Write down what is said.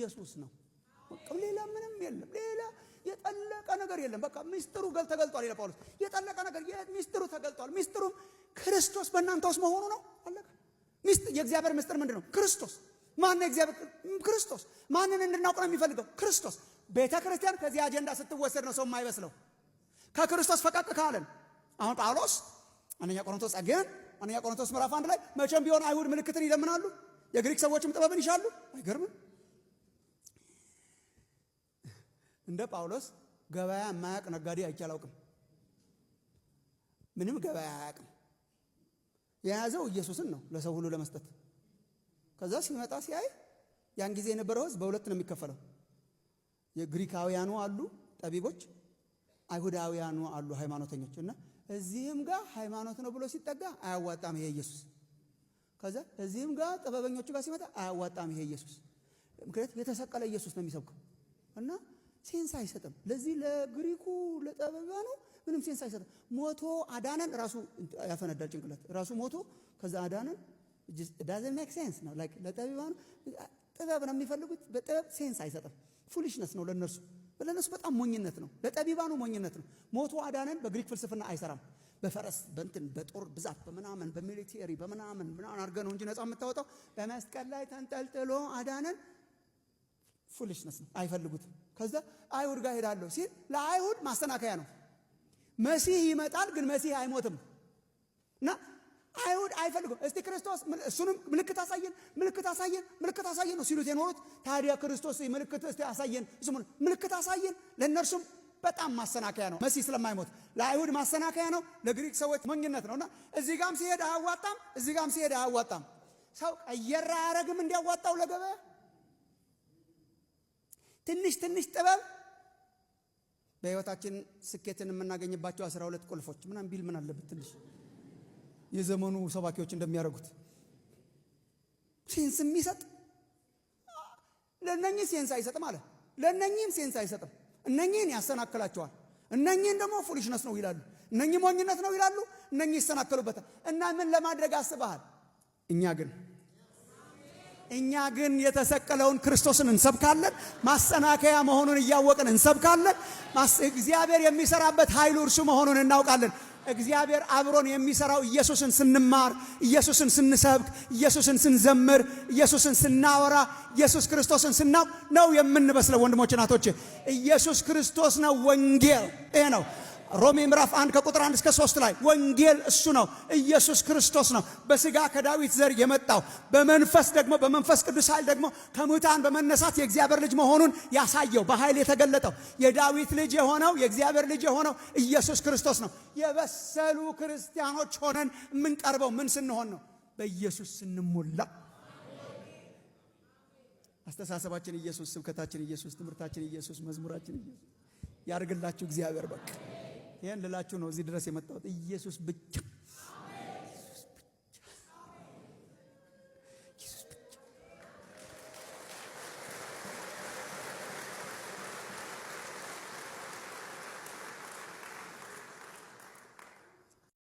ኢየሱስ ነው። ሌላ ምንም የለም። ሌላ የጠለቀ ነገር የለም። በቃ ሚስጥሩ ተገልጧል ይላል ጳውሎስ። የጠለቀ ነገር ሚስጥሩ ተገልጧል። ሚስጥሩም ክርስቶስ በእናንተ ውስጥ መሆኑ ነው። አለቀ። የእግዚአብሔር ምስጥር ምንድን ነው? ክርስቶስ። ማን እግዚአብሔር? ክርስቶስ። ማንን እንድናውቅ ነው የሚፈልገው? ክርስቶስ። ቤተ ክርስቲያን ከዚህ አጀንዳ ስትወሰድ ነው ሰው የማይበስለው ከክርስቶስ ፈቀቅ ካለን። አሁን ጳውሎስ አንደኛ ቆሮንቶስ ጸጋን አንደኛ ቆሮንቶስ ምዕራፍ አንድ ላይ መቼም ቢሆን አይሁድ ምልክትን ይለምናሉ፣ የግሪክ ሰዎችም ጥበብን ይሻሉ። አይገርምም? እንደ ጳውሎስ ገበያ የማያውቅ ነጋዴ አይቼ አላውቅም። ምንም ገበያ አያቅም። የያዘው ኢየሱስን ነው ለሰው ሁሉ ለመስጠት። ከዛ ሲመጣ ሲያይ ያን ጊዜ የነበረው ሕዝብ በሁለት ነው የሚከፈለው። የግሪካውያኑ አሉ ጠቢቦች፣ አይሁዳውያኑ አሉ ሃይማኖተኞች። እና እዚህም ጋር ሃይማኖት ነው ብሎ ሲጠጋ አያዋጣም ይሄ ኢየሱስ። ከዛ እዚህም ጋር ጥበበኞቹ ጋር ሲመጣ አያዋጣም ይሄ ኢየሱስ። ምክንያት የተሰቀለ ኢየሱስ ነው የሚሰብከው እና ሴንስ አይሰጥም። ለዚህ ለግሪኩ ነው ምንም ሴንስ አይሰጥም። ሞቶ አዳነን ራሱ ያፈነዳል ጭንቅላት ራሱ ሞቶ ከዛ አዳነን ዳዘን ሜክ ሴንስ ነው። ላይክ ለጠበባኑ ጥበብ ነው የሚፈልጉት። በጥበብ ሴንስ አይሰጥም። ፉሊሽነስ ነው ለነሱ ለነሱ በጣም ሞኝነት ነው። ለጠቢባኑ ሞኝነት ነው። ሞቶ አዳነን በግሪክ ፍልስፍና አይሰራም። በፈረስ በእንትን በጦር ብዛት በምናምን በሚሊቴሪ በምናምን ምናምን አድርገህ ነው እንጂ ነፃ የምታወጣው በመስቀል ላይ ተንጠልጥሎ አዳነን ፉልሽነስ ነው፣ አይፈልጉትም። ከዛ አይሁድ ጋር ሄዳለሁ ሲል ለአይሁድ ማሰናከያ ነው። መሲህ ይመጣል፣ ግን መሲህ አይሞትም እና አይሁድ አይፈልጉም። እስቲ ክርስቶስ እሱንም ምልክት አሳየን፣ ምልክት አሳየን፣ ምልክት አሳየን ነው ሲሉት የኖሩት። ታዲያ ክርስቶስ ምልክት እስቲ አሳየን፣ እሱም ምልክት አሳየን ለእነርሱም በጣም ማሰናከያ ነው። መሲህ ስለማይሞት ለአይሁድ ማሰናከያ ነው፣ ለግሪክ ሰዎች ሞኝነት ነው እና እዚህ ጋም ሲሄድ አያዋጣም፣ እዚህ ጋም ሲሄድ አያዋጣም። ሰው ቀየራ አያረግም እንዲያዋጣው ለገበያ ትንሽ ትንሽ ጥበብ በህይወታችን ስኬትን የምናገኝባቸው አስራ ሁለት ቁልፎች ምናም ቢል ምን አለበት? ትንሽ የዘመኑ ሰባኪዎች እንደሚያደርጉት ሴንስ የሚሰጥ ለእነኚህ ሴንስ አይሰጥም አለ። ለእነኚህም ሴንስ አይሰጥም። እነኚህን ያሰናክላቸዋል። እነኚህን ደግሞ ፉሊሽነስ ነው ይላሉ። እነኚህ ሞኝነት ነው ይላሉ። እነኚህ ይሰናከሉበታል። እና ምን ለማድረግ አስበሃል? እኛ ግን እኛ ግን የተሰቀለውን ክርስቶስን እንሰብካለን። ማሰናከያ መሆኑን እያወቅን እንሰብካለን። እግዚአብሔር የሚሰራበት ኃይሉ እርሱ መሆኑን እናውቃለን። እግዚአብሔር አብሮን የሚሰራው ኢየሱስን ስንማር፣ ኢየሱስን ስንሰብክ፣ ኢየሱስን ስንዘምር፣ ኢየሱስን ስናወራ፣ ኢየሱስ ክርስቶስን ስናውቅ ነው የምንበስለው። ወንድሞች እናቶች፣ ኢየሱስ ክርስቶስ ነው ወንጌል። ይሄ ነው ሮሜ ምዕራፍ 1 ከቁጥር 1 እስከ 3 ላይ ወንጌል እሱ ነው፣ ኢየሱስ ክርስቶስ ነው። በስጋ ከዳዊት ዘር የመጣው በመንፈስ ደግሞ በመንፈስ ቅዱስ ኃይል ደግሞ ከሙታን በመነሳት የእግዚአብሔር ልጅ መሆኑን ያሳየው በኃይል የተገለጠው የዳዊት ልጅ የሆነው የእግዚአብሔር ልጅ የሆነው ኢየሱስ ክርስቶስ ነው። የበሰሉ ክርስቲያኖች ሆነን የምንቀርበው ምን ስንሆን ነው? በኢየሱስ ስንሞላ አስተሳሰባችን ኢየሱስ፣ ስብከታችን ኢየሱስ፣ ትምህርታችን ኢየሱስ፣ መዝሙራችን ኢየሱስ ያርግላችሁ እግዚአብሔር በቃ ይህን ልላችሁ ነው እዚህ ድረስ የመጣሁት። ኢየሱስ ብቻ